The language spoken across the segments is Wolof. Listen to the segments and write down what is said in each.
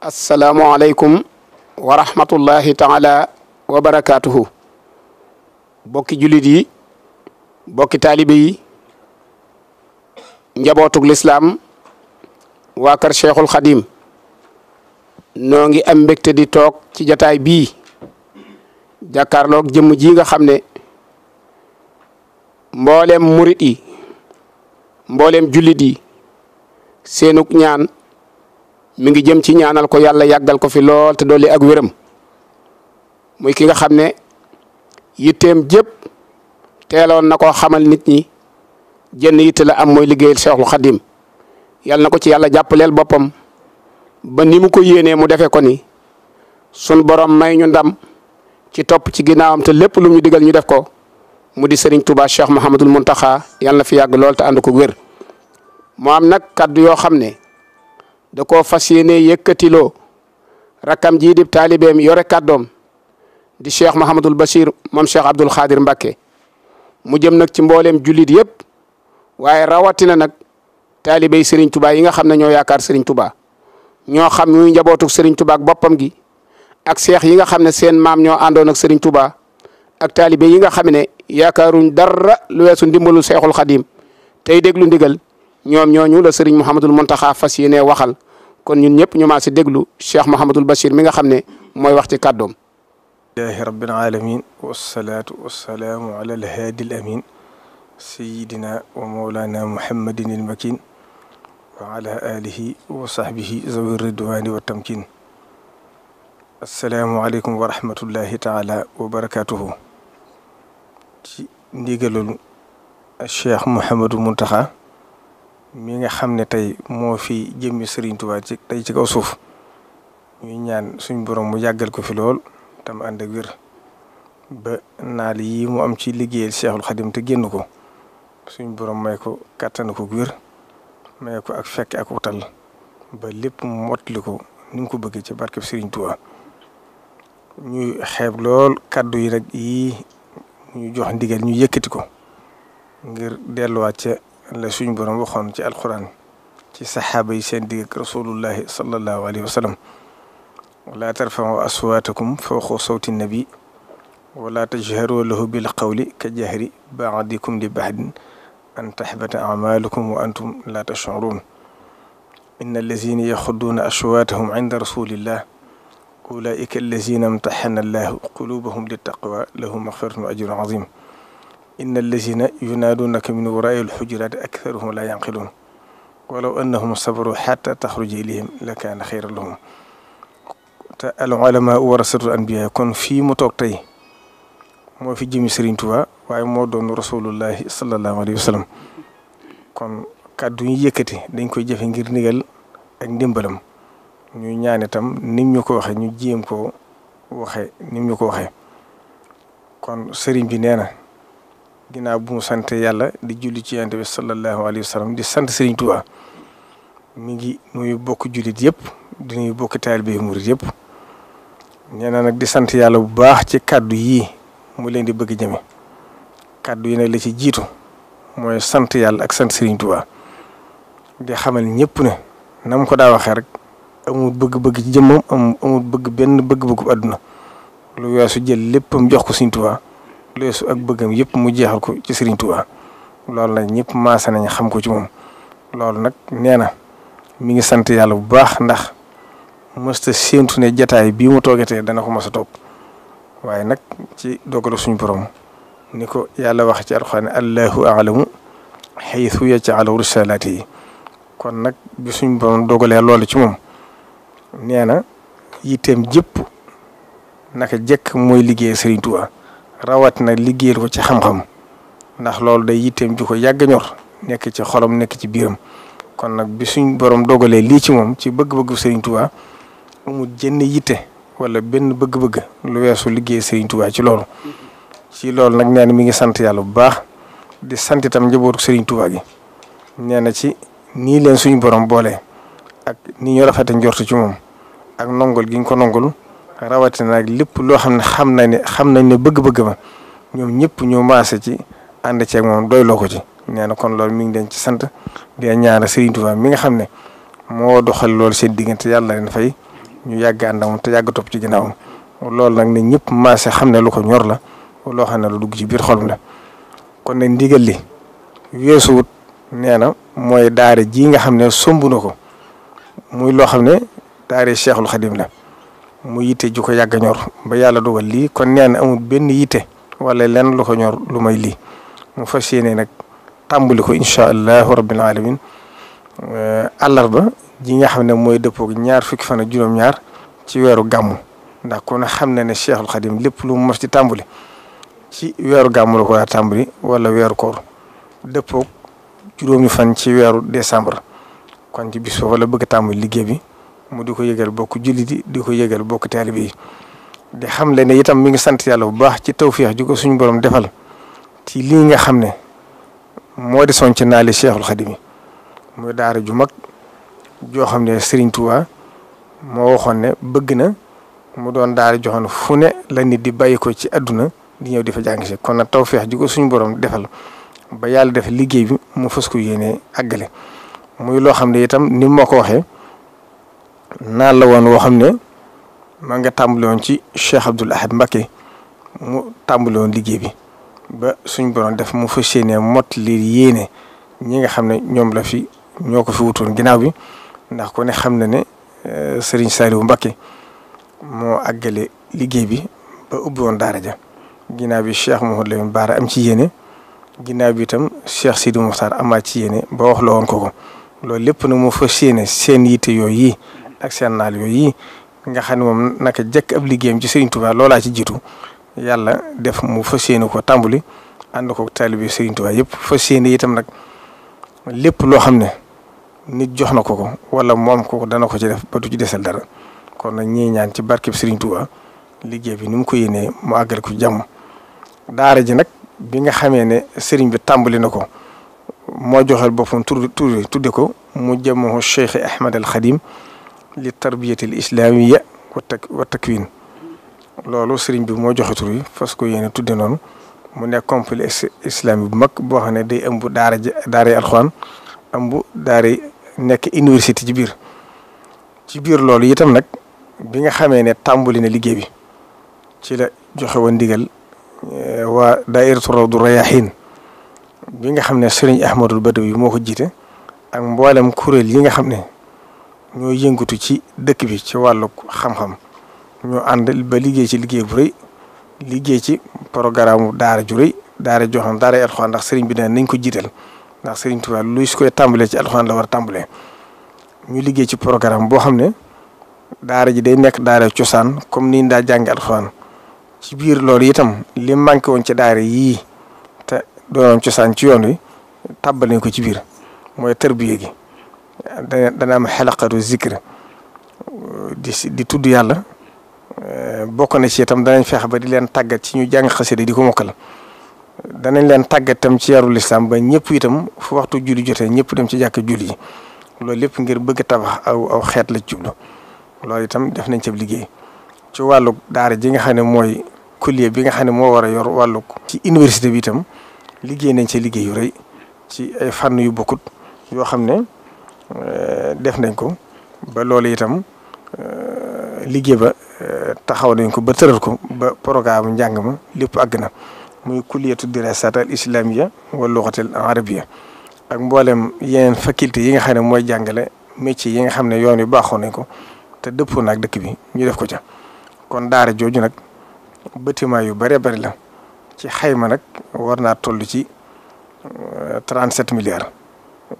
asalaamualeykum wa rahmatullahi taala wa barakaatuhu bokki jullit yi bokki taalibe yi njabootug lislaam waa kër cheikhul xadim noo ngi am mbégte di toog ci jataay bii jàkkaarloog jëmm ji nga xam ne mboolem murit yi mboolem jullit yi seenug ñaan mi ngi jëm ci ñaanal ko yàlla yàggal ko fi lool te dolli ak wéram muy ki nga xam ne yitteem jëpp teeloon na koo xamal nit ñi jenn yitte la am mooy liggéeyal Seexul Xadim yàlla na ko ci yàlla jàppaleel boppam ba ni mu ko yéenee mu defee ko ni sun borom may ñu ndam ci topp ci ginnaawam te lépp lu ñu digal ñu def ko mu di Serigne Touba Cheikh Mouhamadul Mountakha yàlla na fi yàgg lool te ànd ko wér mu am nag kaddu yoo xam ne. da koo fas yéene yëkkatiloo rakkam jii di taalibeem yore kàddoom di cheikh Mahamadul Bachir moom cheikh Abdoul Khadir Mbacke mu jëm nag ci mbooleem jullit yëpp waaye rawatina nag taalibey Serigne Touba yi nga xam ne ñoo yaakaar Serigne Touba ñoo xam muy njabootu Serigne Touba ak boppam gi ak seex yi nga xam ne seen maam ñoo àndoon ak Serigne Touba ak taalibe yi nga xam ne yaakaaruñ dara lu weesu ndimbalul seexul xadim tey déglu ndigal ñoom ñooñu la Serigne Mouhamadul Mountakha fas yéene waxal. kon ñun ñëpp ñu déglu Cheikh Mouhamadul Bachir mi nga xam ne mooy wax ci kàddoom lillahi rabbil alamin wassalaatu wassalaamu ala alhaadi al amin sayidina wa mawlana muhammadin il makin wa ala alihi wa sahbihi zawi ridwani wa tamkin asalaamualeykum wa rahmatullahi taala wa barakatuhu ci ndigalul cheikh mouhamadou mii nga xam ne tey moo fi jëmmi Serigne Touba ci tey ci kaw suuf ñuy ñaan suñ borom mu yàggal ko fi lool tam ànd ak wér ba naal yi mu am ci liggéeyal Cheikhul Khadim te génn ko suñ borom may ko kàttan ko wér may ko ak fekk ak wutal ba lépp mu mottali ko ni mu ko bëggee ci barkeb Serigne Touba ñuy xeeb lool kàddu yi nag yii ñu jox ndigal ñu yëkkati ko ngir delluwaat ca la suñ borom waxoon ci alxuraan ci saxaaba yi seen digg ak rasulullahi sallallahu alayhi wa sallam laa tarfa'u aswaatakum fawqa sawti nabi wala tajharu lahu bil qawli ka jahri ba'dikum li ba'din an tahbata a'malukum wa antum la tash'urun inna allazina yaxudduuna aswaatahum inda rasulillah ulaika allazina imtaxana allahu qulubahum littaqwa lahum maxfiratun wa ajrun azim inna allazina yunaaduunaka min waraai alxujuraati aktharuhum laa yanqiluun walaw annahum sabaru xatta taxruja ilayhim la kaana xayran lahum te al ulama warasatul anbiya kon fii mu toog moo fi jëmi Serigne Touba waaye moo doon rasulullahi sallallahu alayhi wa kon kàddu ñu yëkkati dañ koy jëfe ngir ndigal ak ndimbalam ñu ñaan itam nim ko waxe ñu jéem koo waxe nim ko waxe kon sëriñ bi nee na ginnaaw bu sant yàlla di julli ci yonent bi sallallahu alayhi wa sallam di sant Serigne mi ngi nuyu bokk jullit yëpp di nuyu bokk taalibe yi murit yëpp nee na nag di sant yàlla bu baax ci kàddu yii mu leen di bëgg jëme kàddu yi nag la ci jiitu mooy sant yàlla ak sant Serigne Touba di xamal ñëpp ne na ko daa waxee rek amul bëgg-bëgg ci jëmmam amul bëgg benn bëgg-bëggu àdduna lu weesu jël léppam jox ko Serigne Touba leesu ak bëggam yëpp mu jeexal ko ci Serigne loolu nag ñëpp maase nañ xam ko ci moom loolu nag nee na mi ngi sant yàlla bu baax ndax mësta séentu ne jataay bii mu toogatee dana ko mos a toog waaye nag ci dogalu suñu borom ni ko yàlla wax ci alxuraan allahu alamu xaytu yaj'alu risalaati yi kon nag bi suñu borom dogalee loolu ci moom nee na yitteem jëpp naka jekk mooy liggéey Serigne Touba. rawatina liggéeyal ko ci xam-xam ndax loolu day yitteem ju ko yàgg ñor nekk ci xolam nekk ci biiram kon nag bi suñ borom dogalee lii ci moom ci bëgg-bëggu Serigne mu jënn yitte wala benn bëgg-bëgg lu weesu liggéey Serigne ci loolu ci loolu nag nee na mi ngi sant yàlla bu baax di sant itam njabootu Serigne Touba gi nee na ci nii leen suñu borom boole ak ni ñu rafete njortu ci moom ak nongol gi ñu ko nongol rawatina nag lépp loo xam ne xam nañ ne xam nañ ne bëgg-bëgg ma ñoom ñëpp ñu maase ci ànd ceeg moom doy loo ko ci. nee na kon loolu mi ngi leen ci sant di ñaara Serigne mi nga xam ne moo doxal loolu seen diggante yàlla leen fay ñu yàgg ànd ak moom te yàgg topp ci ginnaawam loolu nag ne ñëpp maase xam ne lu ko ñor la loo xam ne lu dugg ci biir xolum la kon nag ndigal li weesuwut nee na mooy daare ji nga xam ne somb ko muy loo xam ne daare Cheikhul Khadim la. mu yite ju ko yàgg ñor ba yàlla dogal lii kon nee na amul benn yitte wala lenn lu ko ñor lu may lii mu fas ne nag tàmbali ko incha allahu rabbil alamin eh, àllarba ji nga xam ne mooy dëppoog ñaar fukki fan ak juróom-ñaar ci weeru gàmmu ndax kon xam na ne Cheikhul Khadim lépp lu mu mos ci tàmbali ci weeru gàmmu la ko daa tàmbali wala weeru koor dëppoog juróomi fan ci weeru décembre kon ci bis bëgg a liggéey bi. mu di ko yëgal bokk jullit yi di ko yëgal bokku taalibe yi di xam le ne itam mi ngi sant yàlla bu baax ci feex ju ko suñu borom defal ci lii nga xam ne moo di sonc naa li Cheikhul muy daara ju mag joo xam ne Serigne moo waxoon ne bëgg na mu doon daara joxoon fu ne la nit di bàyyi ko ci àdduna di ñëw di jàng kon nag tawféex ju ko suñu borom defal ba yàlla def liggéey bi mu fës ko yéene àggale muy loo xam ne itam ni moo ko waxee. naan la woon woo xam ne maa nga tàmbali ci Cheikh Abdoul Ahad Mbacké mu tàmbali woon liggéey bi ba suñ borom def mu fas yéene mot li ñi nga xam ne ñoom la fi ñoo ko fi wutoon ginnaaw bi ndax ku xam na ne euh, Serigne Saliou Mbacké moo àggale liggéey bi ba woon daara ja bi Cheikh Mouhamadou Lamine Bara am ci yéene ginnaaw bi itam Cheikh Sidi mu fas yéene seen yitte yooyu yi ak seen naal yooyu nga xam ne moom naka jekk ab liggéeyam ci Serigne Touba loolaa ci jiitu yàlla def mu fas yéene ko tàmbali ànd ko taalibe Serigne Touba yëpp fas yéene itam nag lépp loo xam ne nit jox na ko ko wala moom ko dana ko ci def ba ci desal dara kon nag ñii ñaan ci barkeb Serigne Touba liggéey bi ni mu ko yéenee mu àggal ko jàmm daara ji nag bi nga xamee ne Serigne bi tàmbali na ko. moo joxel boppam tur tur tudde ko mu jëmoo Cheikh Ahmed al li tarbiyatil islaamiya wa tak wa loolu sëriñ bi moo joxe tur yi parce que yéen a tudde noon mu nekk complexe islamique bu mag boo xam ne day ëmb daara daaray alxuraan ëmb daaray nekk université ci biir ci biir loolu itam nag bi nga xamee ne tàmbali na liggéey bi ci la joxe woon ndigal eh, waa daairatu rawdu bi nga xam ne sëriñ ahmadul badawi moo ko jiite ak mboolem kuréel yi nga xam ne ñoo yëngatu ci dëkk bi ci wàllu xam-xam ñoo ànd ba liggéey ci liggéey bu rëy liggéey ci programme daara ju rëy daara joo xam daara alxuraan ndax seriñ bi nee nañ ko jiital ndax sëriñ luy lu su koy tàmbalee ci alxuraan la war a tàmbalee ñu liggéey ci programme boo xam ne daara ji day nekk daara cosaan comme ni ñu daa jàngi ci biir lool itam li manqué woon ci daara yii te doonoon cosaan ci yoon wi tàbbal ko ci biir mooy tërbiye gi dana dana am xelaqatu zikr di di tudd yàlla eh, bokk na ci itam danañ feex ba di leen tàggat ci ñu jàng xasida di ko mokkal danañ leen tàggat tam ci yarul islam ba ñëpp itam fo waxtu juli jotee ñëpp dem ci jàkk julli loolu lépp ngir bëgg tabax aw aw xeet la jublu loolu itam def nañ ci liggéey ci wàllu daar ji nga xam ne mooy kuliye bi nga xam ne moo war a yor wàllu ci université bi itam liggéey nañ ci liggéey yu rëy ci ay fànn yu bokkut xam ne Euh, def nañ ko ba loolu itam euh, liggéey ba euh, taxaw nañ ko ba tëral ko ba programme njàng ma lépp àgg na muy kulliyatu dirasat al islamia wal luxat en arabia ak mboolem yeneen faculté yi nga xam ne mooy jàngale métier yi nga xam ne yoon yu baaxoon nañ ko te dëppoon ak dëkk bi ñu def ko ca kon daara jooju nag bâtiment yu bare bari la ci xayma nag war naa toll ci 37 milliards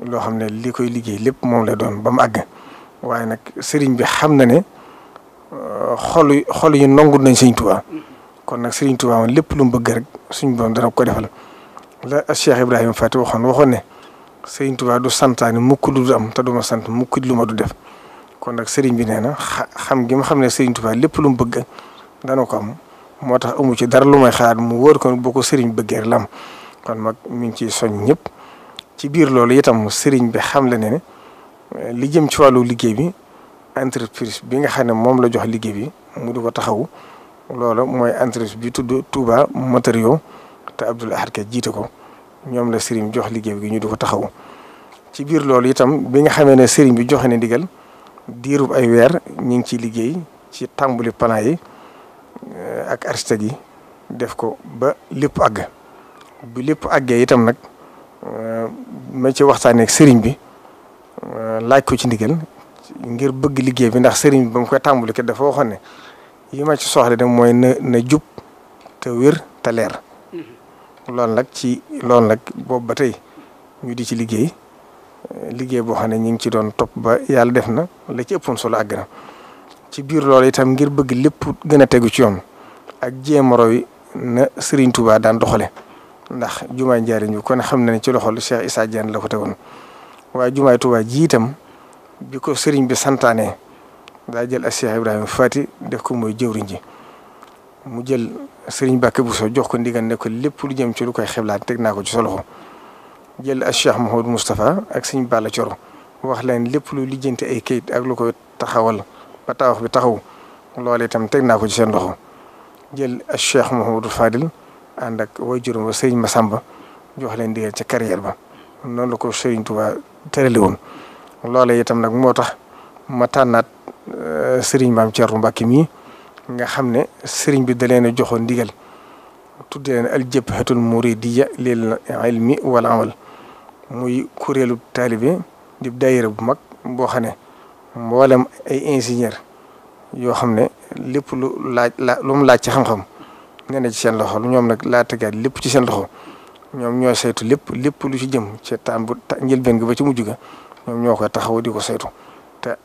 loo xam ne li koy liggéey lépp moom la doon ba mu àgg waaye nag sëriñ bi xam na ne euh, xol xol yi nangu nañ sëriñ Tuubaa kon nag sëriñ Tuubaa lépp lu mu bëgg rek suñ borom dana ko defal la Cheikh Ibrahima Faty waxoon waxoon ne sëriñ du santaani mukk du am te du ma sant mukk lu ma du def kon nag sëriñ bi nee na xam gi ma xam ne sëriñ Tuubaa lépp lu mu bëgg dana ko am moo tax amu ci dara lu may xalaat mu wóor ko boo ko sëriñ bëggee rek la am kon mag mi ngi ciy soñ ñëpp. ci biir loolu itam sëriñ bi xam la ne ne li jëm ci wàllu liggéey bi entreprise bi nga xam ne moom la jox liggéey bi mu di ko taxawu loola mooy entreprise bi tudd Touba matériaux te Abdoul Ahad Ka jiite ko ñoom la sëriñ jox liggéey bi ñu du ko taxawu. ci biir loolu itam bi nga xamee ne sëriñ bi joxe na digal diirub ay weer ñu ngi ciy liggéey ci tàmbali plan yi ak architecte yi def ko ba lépp àgg bi lépp àggee itam nag. ma ci waxtaanee ak sëriñ bi laaj ko ci ndigal ngir bëgg liggéey bi ndax sëriñ bi ba mu koy tàmbali kat dafa waxoon ne yi ma ci soxla de mooy na jub te wér te leer loolu nag ci loolu nag boobu ba tey ñu di ci liggéey liggéey boo xam ne ñu ngi ci doon topp ba yàlla def na la ci ëppoon solo àgg na ci biir lool itam ngir bëgg lépp gën a tegu ci yoon ak jéem a roy na sëriñ Touba daan doxole ndax jumaay njaariñ bi kon xam na ne ci loxol Cheikh Issa Diène la ko tegoon waa jumaay Tuubaa ji itam bi ko sëriñ bi santaane daa jël ak Cheikh Ibrahima Fati def ko mooy jëwriñ ji mu jël sëriñ Bakké Bousso jox ko ndigal ne ko lépp lu jëm ci lu koy xiblaat teg naa ko ci sa jël ak Cheikh Mouhamadou Moustapha ak sëriñ Balla Coro wax leen lépp lu lijjanti ay kayit ak lu ko taxawal ba bi taxaw loolee itam teg naa ko ci seen loxo jël ak Cheikh Mouhamadou ànd ak way juróom sëriñ Massamba jox leen ndigal ca carrière ba noonu la ko seriñ Touba tërale woon loolee itam nag moo tax ma tànnaat euh, sëriñ maam Thierno Mbacke mii nga xam ne sëriñ bi da leen a joxoon ndigal tudde leen al jabhatul muridiyya lil ilmi wal amal muy kuréelu taalibe di daayira bu mag mbooxane mboolem ay ingénieur yoo xam ne lépp lu laaj la lu mu laaj ci xam-xam ne na ci seen loxo ñoom nag laa tegaat lépp ci seen loxo ñoom ñoo saytu lépp lépp lu ci jëm ci taam bu njëlbeen gi ba ci mujj ga ñoom ñoo koy taxaw di ko saytu te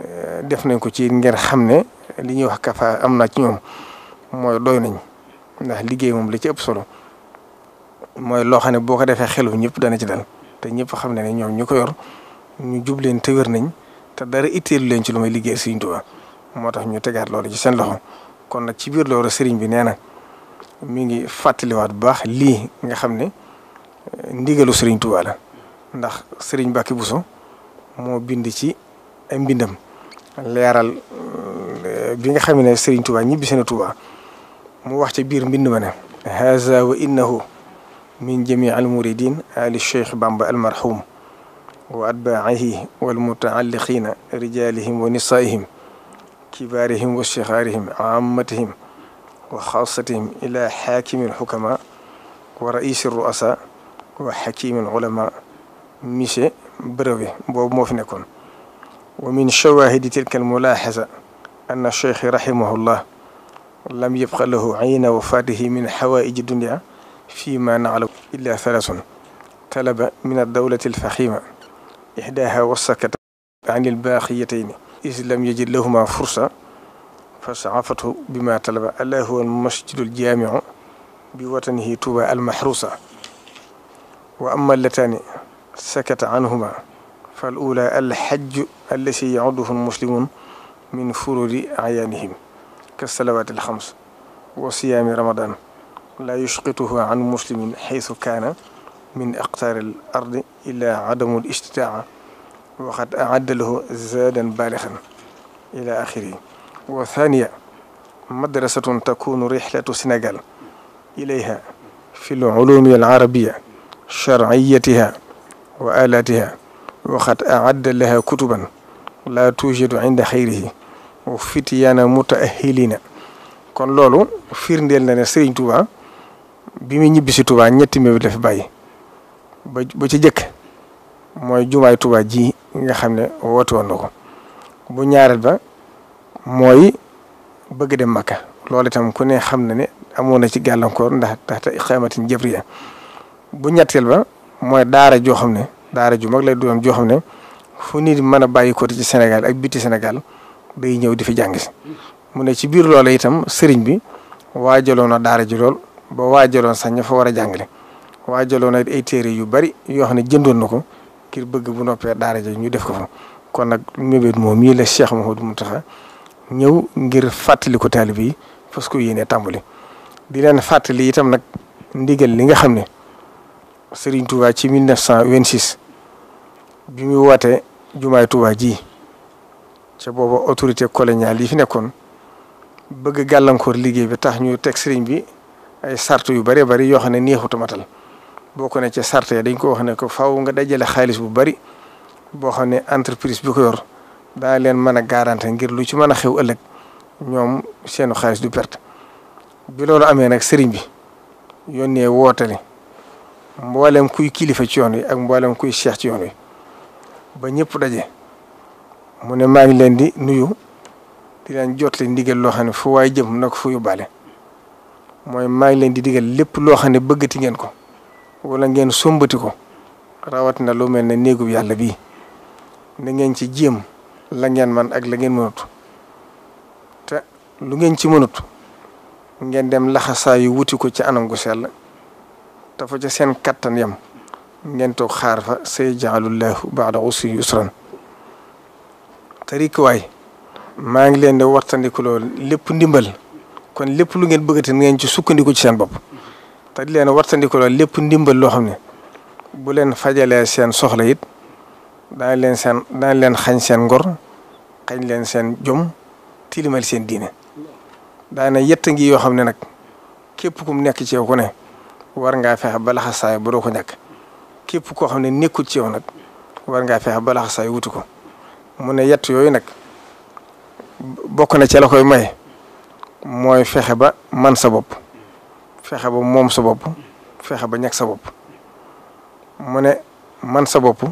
eh, def nañ ko ci ngeen xam ne li ñuy wax kafa am na ci ñoom mooy doy nañ ndax liggéey moom la ci ëpp solo mooy loo xam ne boo ko defee xelu ñëpp dana ci dal te ñëpp xam ne ñoom ñu ko yor ñu jub leen te wér nañ te dara itteelu leen ci lu may liggéey Sëriñ Tuubaa moo tax ñu tegaat loolu ci seen loxo kon nag ci biir loolu sëriñ bi nee na. mi ngi fàttaliwaat bu baax lii nga xam ne eh, ndigalu sëriñ Tuubaa ndax sëriñ Bàkki Buso moo bind ci ay mbindam leeral eh, bi nga xam ne sëriñ Tuubaa ñibbisi na Tuubaa mu wax ca biir mbind ma ne haza wa innahu min jamii al ali cheikh bamba almarhum wa atbaahi walmutaalliqina rijalihim wa nisaihim kibaarihim wa shixaarihim ammatihim wa xaasatihim ila xaakimin xukama wa raisi ruasa wa xakimin ulama monsieur Brevet boobu moo fi nekkoon wa min shawahidi tilka almulaxasa anna cheikhi rahimahullah lam yabqa lahu ayna wafatihi min xawaaiji dunia fi ma naclam illa thalathun talaba min aldawlati alfaxima ixdaha wasakata an albaqiyatayn is lam yajid lahuma fursa fa saafatu bi ma talaba alaa huwa almasjidul jaamiu bi watanihi tuuba almahruusa wa amma allataani sakata anhuma fa al ula alxajju allasi yacuduhu almuslimun min furudi ayaanihim ka salawaati alxams wa siyaami ramadan laa yusqituhu an muslimin xaytu kaana min aqtaari al ardi ila adamu al istitaaca wa qad acadda lahu zaadan baalixan ila axirihi wa thaniya madrasatun takunu rihlatu sénégal ilayha fi l ulumi al arabia charciyatiha wa alatiha waxad aadda kutuban la tujadu inda xayrihi wa fitiyaana mutaahilina kon loolu firndeel na ne Serigne bi muy ñibbi si ñetti mbir la fi bàyyi ba ba mooy jumaay Touba ji nga xam ne woote woon na ba mooy bëgg dem Makka loolu itam ku ne xam na ne amoon na ci gàllankoor ndax ndax te xaymatin jabriya bu ñetteel ba mooy daara joo xam ne daara ju mag lay doon joo xam ne fu nit mën a bàyyi ko ci Sénégal ak biti Sénégal day ñëw di fi jàng si mu ne ci biir loola itam sëriñ bi waajaloon na daara ji boo ba waajaloon sax ña fa war a jàngale waajaloon na ay téere yu bari yoo xam ne jëndoon na ko kiir bëgg bu noppee daara ji ñu def ko fa kon nag mébét moom mii la Cheikh Mouhamadou Mountakha ñëw ngir fàttali ko taalib yi parce que yéene tàmbali di leen fàttali itam nag ndigal li nga xam ne Serigne Touba ci 1926 bi muy woote jumaay Touba ji ca booba autorité coloniale yi fi nekkoon bëgg gàllankoor liggéey bi tax ñu teg Serigne bi ay sart yu bëree bëri yoo xam ne neexutu matal boo ko ne ca sart ya dañ ko wax ne ko faw nga dajale xaalis bu bëri boo xam ne entreprise bi ko yor. daa leen mën a garanti ngir lu ci mën a xew ëllëg ñoom seenu xaalis du perte bi loolu amee nag sëriñ bi yónnee wootale mboolem kuy kilifa ci yoon wi ak mboolem kuy seex ci yoon wi ba ñëpp daje mu ne maa ngi leen di nuyu di leen jotle ndigal loo xam ne fu waay jëm na ko fu mooy maa ngi leen di digal lépp loo xam ne bëggati ngeen ko wala ngeen sombati ko rawatina lu mel ne néegub yàlla bii na ngeen ci jéem. la ngeen man ak la ngeen mënut te lu ngeen ci mënut ngeen dem laxasaa yu wuti ko ci anam gu sell te fa ca seen kattan yam ngeen toog xaar fa say jaalullahu baada usri yusran te rikkuwaay maa ngi leen di wartandiku loolu lépp ndimbal kon lépp lu ngeen bëggati ngeen ci sukkandiku ci seen bopp te leen leen wartandiku loolu lépp ndimbal loo xam ne bu leen fajalee seen soxla it daañu leen seen daañu leen xañ seen ngor xañ leen seen jom tilimal seen diine daana yett ngi yoo xam ne nag képp kum nekk ci ko ne war ngaa fexe ba laxasaay ba doo ko ñàkk képp koo xam ne nekkul ci yow nag war ngaa fexe ba laxasaay wuti ko mu ne yett yooyu nag bokk na ci la koy may mooy fexe ba man sa bopp fexe ba moom sa bopp fexe ba ñàkk sa bopp mu ne man sa bopp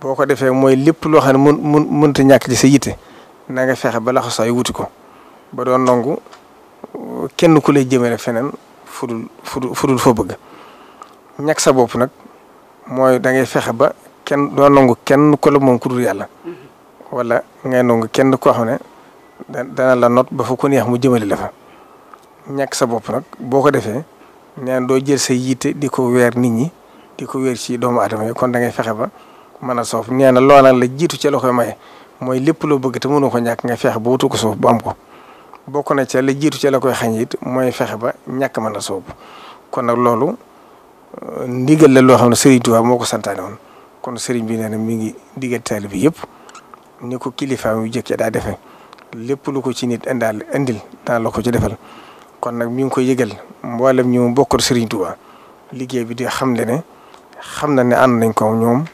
boo ko defee mooy lépp loo xam ne mun mun mënta ñàkk ci sa yitte na nga fexe ba laxasaay wuti ko ba doon nangu kenn ku lay jëmale feneen fudul fudul fudul fa bëgg ñàkk sa bopp nag mooy da ngay fexe ba kenn doo nangu kenn ku la moom ku dul yàlla mm-hmm. wala ngay nangu kenn koo xam ne dana la not ba fa ko neex mu jëmale la fa ñàkk sa bopp nag boo ko defee neen doo jël sa yitte di ko weer nit ñi di ko weer ci doomu aadama yi kon da ngay fexe ba mën a soof nee na loola la jiitu ca la koy maye mooy lépp loo bëgg te mënu ko ñàkk nga feex ba wutu ko soof bu am ko bokk na ca la jiitu ca la koy xañ it mooy fexe ba ñàkk mën a soob kon nag loolu euh, ndigal la loo xam ne Serigne Touba moo ko santaane woon kon Serigne bi nee na mi ngi digal taalibe bi yëpp ni ko kilifaam yu jëkkee daa defee lépp lu ko ci nit indaal indil daan la ko ci defal kon nag mi ngi koy yëgal mboolem ñu bokkal Serigne Touba liggéey bi di xam ne ne xam na ne ànd nañ ko ñoom.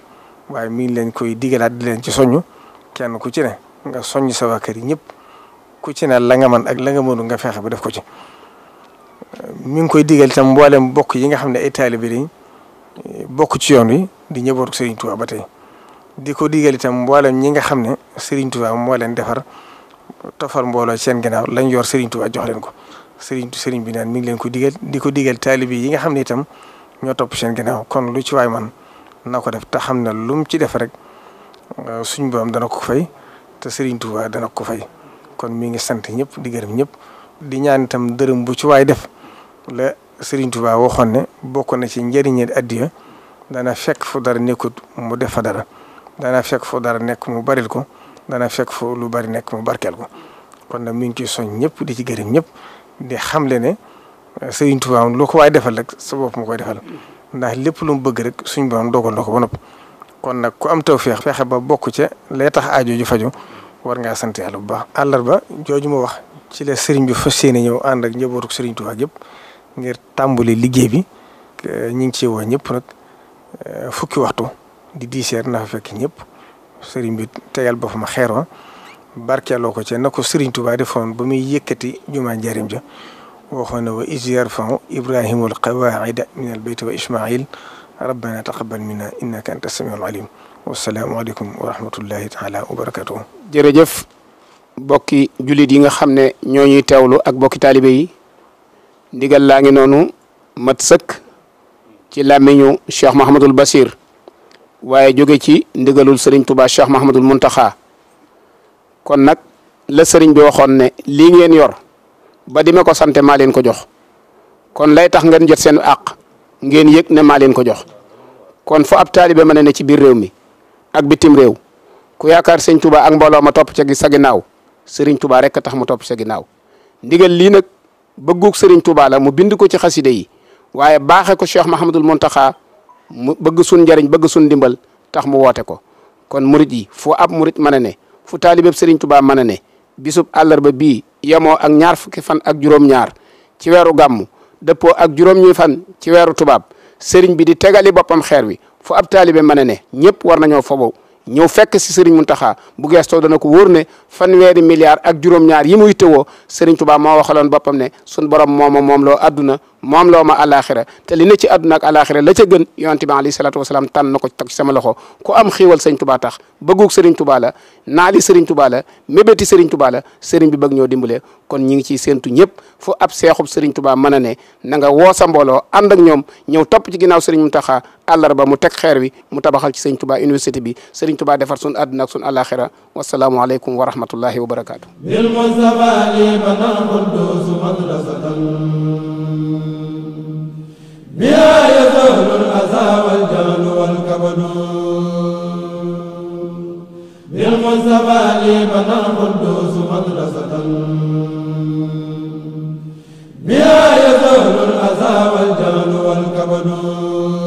waaye mi ngi leen koy digalaat di leen ci soññ kenn ku ci ne nga soññ sa waa kër yi ñëpp ku ci ne la nga man ak la nga mënu nga fexe ba def ko ci. mi ngi koy digal itam mboolem bokk yi nga xam ne ay taalibe yi bokk ci yoon wi di ñëbootu Serigne ba tey di ko digal itam mboolem ñi nga xam ne Serigne Touba moo leen defar tofal mbooloo seen ginnaaw lañ yor Serigne jox leen ko Serigne Serigne bi naan mi ngi leen ko digal di ko digal taalibe yi nga xam ne itam ñoo topp seen ginnaaw kon lu ci waay man. na ko def te xam ne lu mu ci def rek euh, suñ borom dana ko fay te Serigne dana ko fay kon mi ngi sant ñëpp di gërëm ñëpp di ñaan dërëm bu ci waay def la Serigne waxoon ne bokk na ci njëriñe addiya dana fekk fu dara mu def fa dara dana fekk fu dara nekk baril ko dana fekk fu lu bari nekk mu barkeel ko kon nag mi ngi ciy soñ ñëpp di ci gërëm ñëpp di xamle ne euh, Serigne Touba lu ko waay defal rek sa bopp mu koy defal. ndax lépp lu mu bëgg rek suñ borom dogal na ko ba noppi kon nag ku am tawféex fexe ba bokk ca lay tax aajo ju fajo war ngaa sant yàlla bu baax. àllarba jooju ma wax ci la sëriñ bi fas yéene ñëw ànd ak njabootu sëriñ Tuubaa yëpp ngir tàmbali liggéey bi eh, ñu ngi ciy woo ñëpp nag eh, fukki waxtu di diiseer na fa fekk ñëpp sëriñ bi tegal boppam xeer wa barkeeloo ko ca na ko sëriñ Tuubaa defoon ba muy yëkkati jumaa njariñ ja waxoon na wa iz yarfau ibrahimu alqawaida min albayt wa ismail rabbana taqabal minna innaka anta samiul alim wasalaamualeykum wa rahmatullahi taala wa barakatuhu jërëjëf bokki jullit yi nga xam ne ñoo ñuy teewlu ak bokki taalibe yi ndigal laa ngi noonu mat sëkk ci làmmiñu cheikh mahamadul basir waaye jóge ci ndigalul sëriñ tubaa cheikh mahamadul muntaxa kon nag la sëriñ bi waxoon ne lii ngeen yor ba di ma ko sante maa leen ko jox kon lay tax ngeen jot seen àq ngeen yëg ne maa leen ko jox kon fu ab taalibe mën a ne ci biir réew mi ak bitim réew ku yaakaar sëñ Touba ak mbooloo ma topp ca sa ginnaaw sëriñ Touba rek tax mu topp sa ginnaaw ndigal lii nag bëggug sëriñ Touba la mu bind ko ci xaside yi waaye baaxe ko Cheikh Mahamadul Muntaxa mu bëgg sun njariñ bëgg sun ndimbal tax mu woote ko kon murit yi fu ab murit mën a ne fu taalibeb sëriñ Touba mën a ne bisub àllarba bii yemoo ak ñaar fukki fan ak juróom-ñaar ci weeru gàmmu dëppoo ak juróom-ñi fan ci weeru tubaab sëriñ bi di tegali boppam xeer wi foo ab taalibe mën a ne ñëpp war nañoo fobow ñëw fekk si sëriñ Muntaxa bu geestoo dana ko wóor ne fan weeri milliards ak juróom-ñaar yi muy tëwoo sëriñ Tuubaa moo waxaloon boppam ne sun borom mooma moom loo àdduna moom loo ma alaxira te li ne ci àdduna ak alaxira la ca gën yonent bi alayhi salaatu wasalaam na ko teg ci am xiiwal sëñ tubaa tax bëggug sëriñ tubaa la naali sëriñ tubaa la mébéti sëriñ tubaa la sëriñ bi bëgg ñoo dimbale kon ñi ngi ciy séentu ñëpp fu ab seexub sëriñ tubaa mën a ne na nga woo sa mbooloo ànd ñoom ñëw topp ci ginnaaw sëriñ Muntaxa àllarba mu teg xeer wi mu tabaxal ci sëriñ tubaa université bi sëriñ tubaa defar sun àdduna ak sun alaxira wasalaamu aleykum wa rahmatullahi wa barakaatu بها يزول الأذى والجهل والكبد بالمصطفى لي بنى القدوس مدرسة بها يزول الأذى والجهل والكبد